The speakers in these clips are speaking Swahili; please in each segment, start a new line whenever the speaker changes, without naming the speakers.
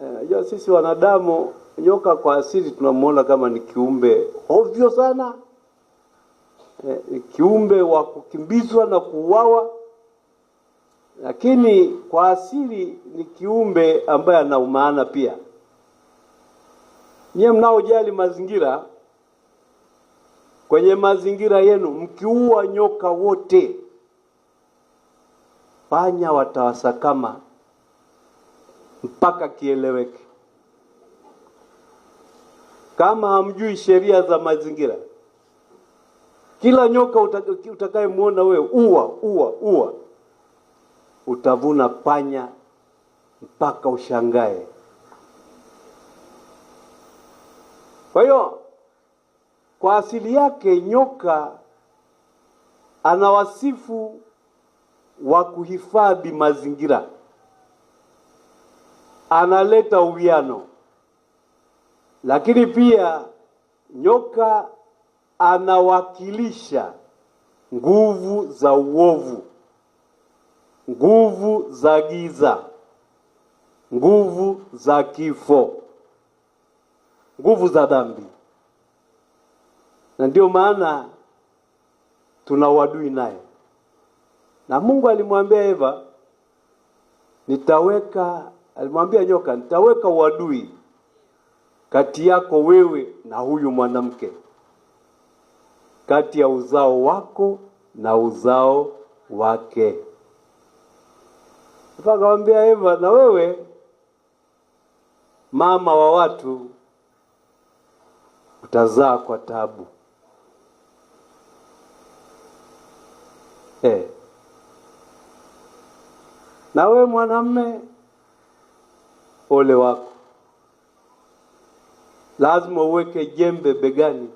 Unajua, eh, sisi wanadamu, nyoka kwa asili tunamwona kama ni kiumbe ovyo sana, eh, kiumbe wa kukimbizwa na kuuawa, lakini kwa asili ni kiumbe ambaye ana umaana pia. Nyie mnaojali mazingira, kwenye mazingira yenu mkiua nyoka wote, panya watawasakama mpaka kieleweke. Kama hamjui sheria za mazingira, kila nyoka utakayemwona wewe ua ua ua, utavuna panya mpaka ushangae. Kwa hiyo kwa asili yake nyoka ana wasifu wa kuhifadhi mazingira analeta uwiano, lakini pia nyoka anawakilisha nguvu za uovu, nguvu za giza, nguvu za kifo, nguvu za dhambi, na ndiyo maana tuna uadui naye. Na Mungu alimwambia Eva, nitaweka alimwambia nyoka, nitaweka uadui kati yako wewe na huyu mwanamke, kati ya uzao wako na uzao wake. Akamwambia Eva, na wewe mama wa watu utazaa kwa taabu. Eh, na wewe mwanamme ole wako. Lazima uweke jembe begani,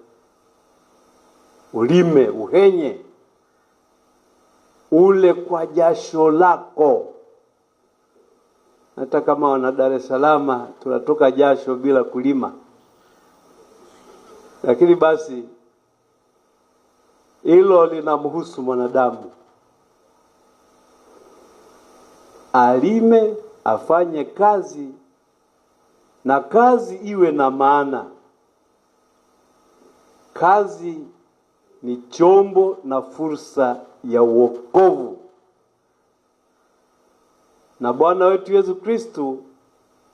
ulime, uhenye, ule kwa jasho lako. Hata kama wana Dar es Salaam tunatoka jasho bila kulima, lakini basi hilo linamhusu mwanadamu, alime, afanye kazi na kazi iwe na maana. Kazi ni chombo na fursa ya wokovu, na Bwana wetu Yesu Kristo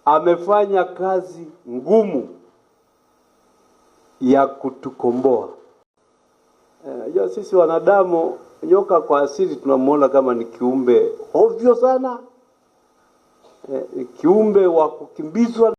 amefanya kazi ngumu ya kutukomboa. E, sisi wanadamu, nyoka kwa asili tunamwona kama ni kiumbe ovyo sana, e, kiumbe wa kukimbizwa.